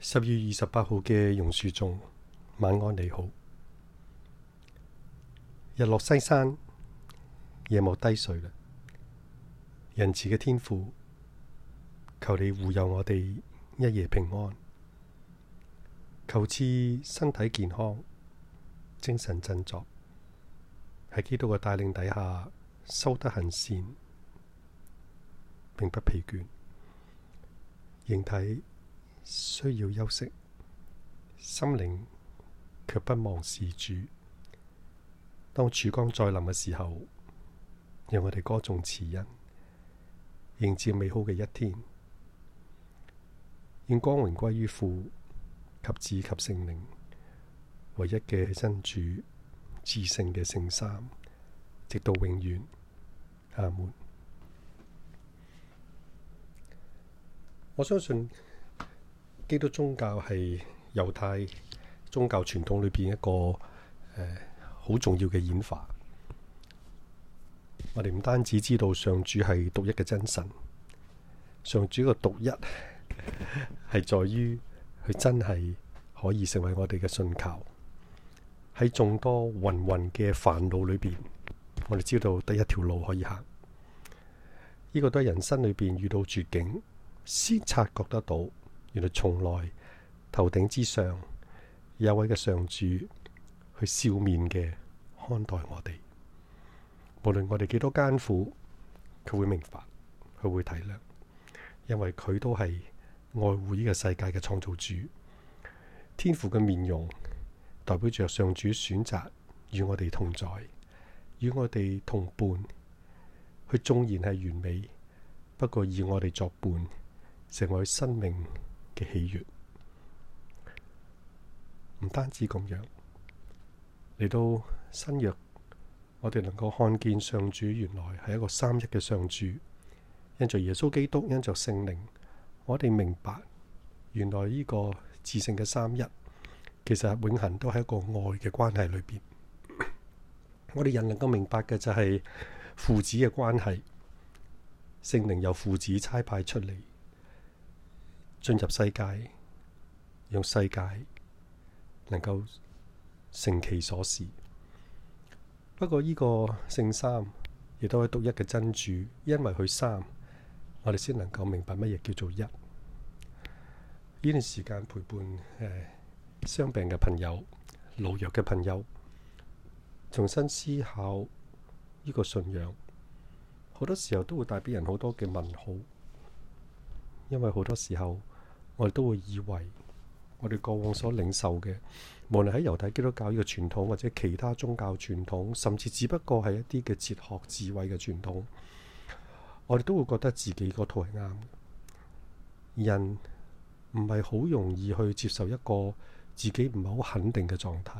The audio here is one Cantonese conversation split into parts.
十月二十八號嘅榕樹中，晚安你好。日落西山，夜幕低垂啦。仁慈嘅天父，求你護佑我哋一夜平安。求賜身體健康，精神振作。喺基督嘅帶領底下，修德行善，並不疲倦，形體。需要休息，心靈卻不忘事主。當曙光再臨嘅時候，讓我哋歌頌慈恩，迎接美好嘅一天，願光榮歸於父及子及聖靈，唯一嘅真主，至聖嘅聖三，直到永遠。阿門。我相信。基督宗教係猶太宗教傳統裏邊一個呃，好重要嘅演化。我哋唔單止知道上主係獨一嘅真神，上主嘅獨一係在於佢真係可以成為我哋嘅信靠。喺眾多芸芸嘅煩惱裏邊，我哋知道得一條路可以行。呢、這個都係人生裏邊遇到絕境先察覺得到。原來從來頭頂之上有位嘅上主去笑面嘅看待我哋，無論我哋幾多艱苦，佢會明白，佢會體諒，因為佢都係愛護呢個世界嘅創造主。天父嘅面容代表着上主選擇與我哋同在，與我哋同伴。佢縱然係完美，不過以我哋作伴，成為生命嘅喜悅，唔單止咁樣嚟到新約，我哋能夠看見上主原來係一個三一嘅上主，因着耶穌基督，因着聖靈，我哋明白原來呢個至聖嘅三一，其實永恆都係一個愛嘅關係裏邊。我哋人能夠明白嘅就係父子嘅關係，聖靈由父子差派出嚟。進入世界，讓世界能夠成其所是。不過呢個聖三亦都係獨一嘅真主，因為佢三，我哋先能夠明白乜嘢叫做一。呢段時間陪伴誒，傷、呃、病嘅朋友、老弱嘅朋友，重新思考呢個信仰，好多時候都會帶俾人好多嘅問號，因為好多時候。我哋都會以為我哋過往所領受嘅，無論喺猶太基督教呢個傳統，或者其他宗教傳統，甚至只不過係一啲嘅哲學智慧嘅傳統，我哋都會覺得自己個套係啱。人唔係好容易去接受一個自己唔係好肯定嘅狀態，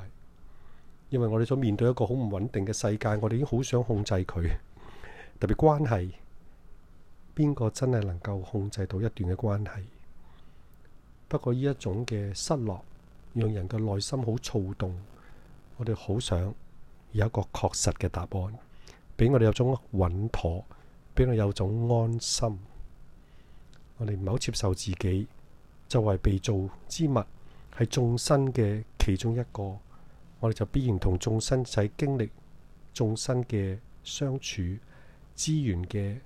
因為我哋所面對一個好唔穩定嘅世界，我哋已經好想控制佢。特別關係，邊個真係能夠控制到一段嘅關係？不過呢一種嘅失落，讓人嘅內心好躁動。我哋好想有一個確實嘅答案，俾我哋有種穩妥，俾我哋有種安心。我哋唔好接受自己，作為被造之物，係眾生嘅其中一個。我哋就必然同眾生仔經歷眾生嘅相處，資源嘅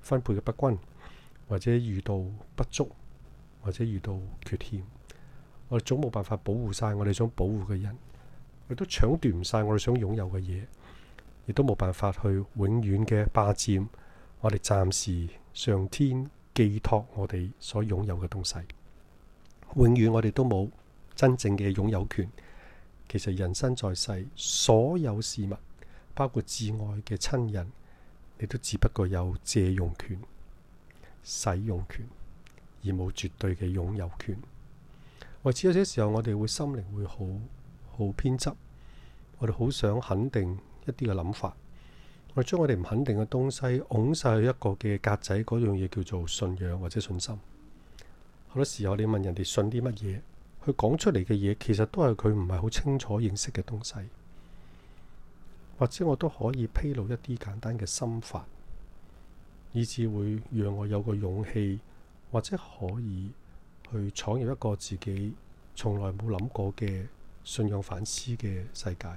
分配嘅不均，或者遇到不足。或者遇到缺欠，我哋總冇辦法保護晒我哋想保護嘅人，亦都搶奪唔晒我哋想擁有嘅嘢，亦都冇辦法去永遠嘅霸佔我哋暫時上天寄託我哋所擁有嘅東西。永遠我哋都冇真正嘅擁有權。其實人生在世，所有事物，包括至愛嘅親人，你都只不過有借用權、使用權。而冇絕對嘅擁有權，或者有啲時候我，我哋會心靈會好好偏執，我哋好想肯定一啲嘅諗法，我哋將我哋唔肯定嘅東西拱晒去一個嘅格仔，嗰樣嘢叫做信仰或者信心。好多時候，你問人哋信啲乜嘢，佢講出嚟嘅嘢其實都係佢唔係好清楚認識嘅東西，或者我都可以披露一啲簡單嘅心法，以致會讓我有個勇氣。或者可以去闖入一個自己從來冇諗過嘅信仰反思嘅世界，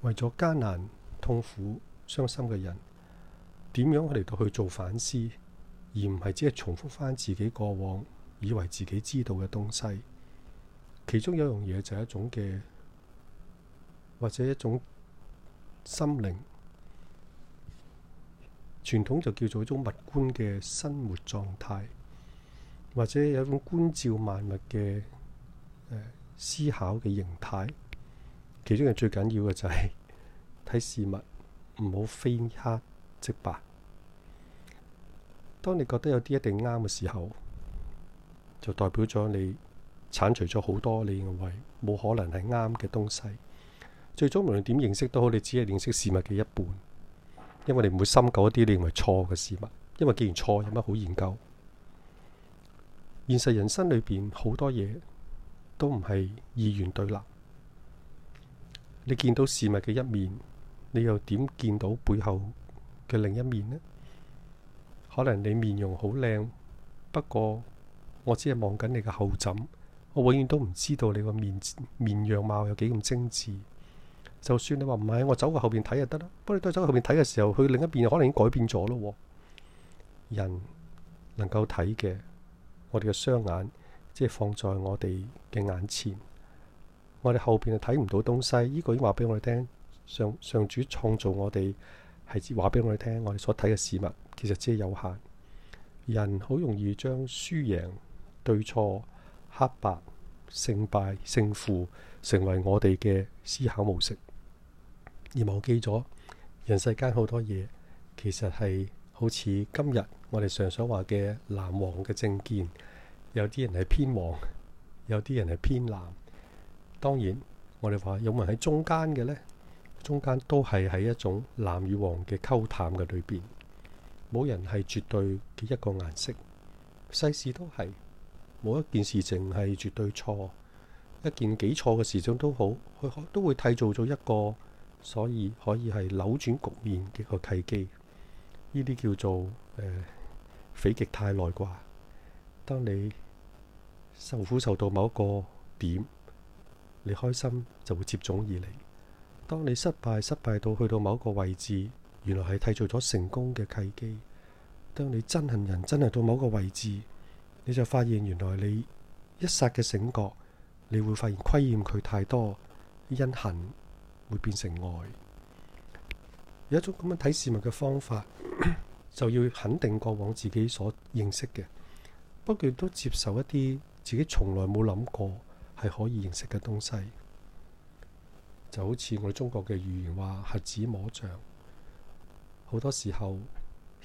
為咗艱難、痛苦、傷心嘅人，點樣去嚟到去做反思，而唔係只係重複翻自己過往以為自己知道嘅東西。其中有一樣嘢就係一種嘅，或者一種心靈傳統就叫做一種物觀嘅生活狀態。或者有一種觀照萬物嘅誒思考嘅形態，其中嘅最緊要嘅就係睇事物唔好非黑即白。當你覺得有啲一定啱嘅時候，就代表咗你剷除咗好多你認為冇可能係啱嘅東西。最終無論點認識都好，你只係認識事物嘅一半，因為你唔會深究一啲你認為錯嘅事物，因為既然錯有乜好研究？現實人生裏邊好多嘢都唔係二元對立。你見到事物嘅一面，你又點見到背後嘅另一面呢？可能你面容好靚，不過我只係望緊你嘅後枕，我永遠都唔知道你個面面樣貌有幾咁精緻。就算你話唔係，我走過後邊睇就得啦。不過你都係走後邊睇嘅時候，佢另一邊可能已經改變咗咯。人能夠睇嘅。我哋嘅雙眼即係放在我哋嘅眼前，我哋後邊啊睇唔到東西，呢個已經話俾我哋聽。上上主創造我哋係話俾我哋聽，我哋所睇嘅事物其實即係有限。人好容易將輸贏、對錯、黑白、勝敗、勝負成為我哋嘅思考模式，而忘記咗人世間好多嘢其實係。好似今日我哋常所話嘅藍黃嘅政見，有啲人係偏黃，有啲人係偏藍。當然，我哋話有冇人喺中間嘅呢？中間都係喺一種藍與黃嘅溝淡嘅裏邊，冇人係絕對嘅一個顏色。世事都係冇一件事情係絕對錯，一件幾錯嘅事情都好，佢都會締造咗一個，所以可以係扭轉局面嘅一個契機。呢啲叫做誒、呃、否極泰來卦。當你受苦受到某一個點，你開心就會接踵而嚟。當你失敗失敗到去到某一個位置，原來係締造咗成功嘅契機。當你憎恨人憎恨到某一個位置，你就發現原來你一剎嘅醒覺，你會發現虧欠佢太多，因恨會變成愛。有一種咁樣睇事物嘅方法， 就要肯定過往自己所認識嘅，不過亦都接受一啲自己從來冇諗過係可以認識嘅東西。就好似我哋中國嘅語言話，瞎子摸象。好多時候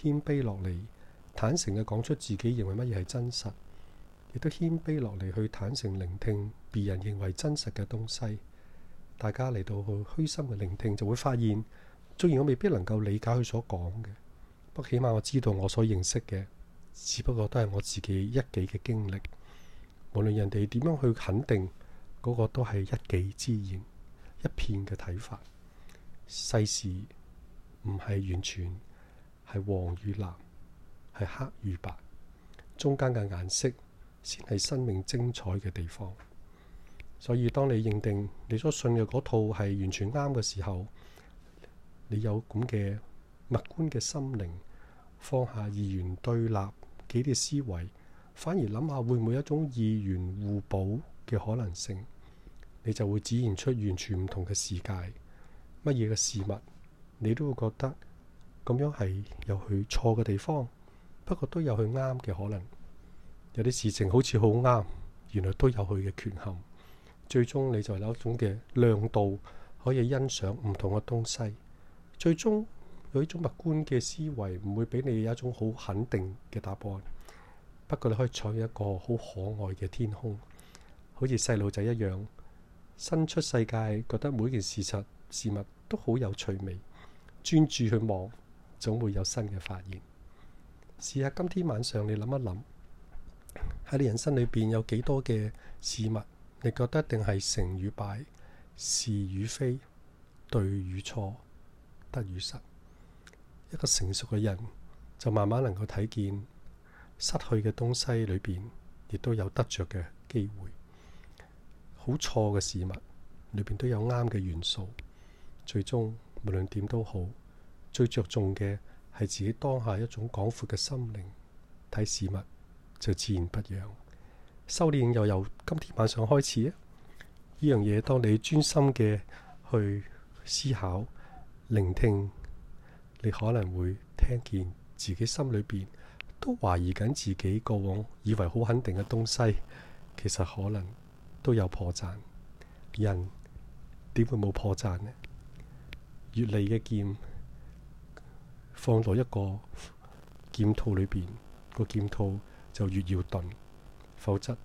謙卑落嚟，坦誠嘅講出自己認為乜嘢係真實，亦都謙卑落嚟去坦誠聆聽別人認為真實嘅東西。大家嚟到去虛心嘅聆聽，就會發現。雖然我未必能夠理解佢所講嘅，不過起碼我知道我所認識嘅，只不過都係我自己一己嘅經歷。無論人哋點樣去肯定嗰個，都係一己之言，一片嘅睇法。世事唔係完全係黃與藍，係黑與白，中間嘅顏色先係生命精彩嘅地方。所以，當你認定你所信嘅嗰套係完全啱嘅時候，你有咁嘅物觀嘅心靈，放下二元對立幾啲思維，反而諗下會唔會有一種二元互補嘅可能性？你就會展現出完全唔同嘅世界，乜嘢嘅事物你都會覺得咁樣係有佢錯嘅地方，不過都有佢啱嘅可能。有啲事情好似好啱，原來都有佢嘅缺陷。最終你就有一種嘅亮度，可以欣賞唔同嘅東西。最終有呢種物觀嘅思維，唔會俾你有一種好肯定嘅答案。不過你可以採一個好可愛嘅天空，好似細路仔一樣，新出世界，覺得每件事實事物都好有趣味，專注去望，總會有新嘅發現。試下今天晚上你諗一諗，喺你人生裏邊有幾多嘅事物，你覺得一定係成與敗、是與非、對與錯？得與失，一個成熟嘅人就慢慢能夠睇見失去嘅東西裏邊，亦都有得着嘅機會。好錯嘅事物裏邊都有啱嘅元素。最終無論點都好，最着重嘅係自己當下一種廣闊嘅心靈睇事物，就自然不樣。修煉又由今天晚上開始。呢樣嘢，當你專心嘅去思考。聆聽，你可能會聽見自己心裏邊都懷疑緊自己過往以為好肯定嘅東西，其實可能都有破綻。人點會冇破綻呢？越嚟嘅劍放落一個劍套裏邊，個劍套就越要鈍，否則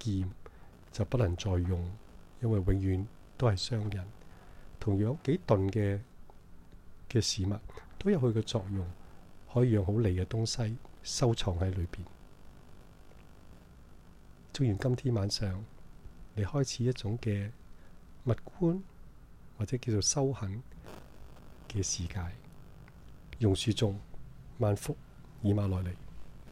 劍就不能再用，因為永遠都係傷人。同樣有幾頓嘅嘅事物，都有佢嘅作用，可以讓好利嘅東西收藏喺裏邊。做完今天晚上，你開始一種嘅物觀或者叫做修行嘅世界。用樹眾，萬福以馬內利。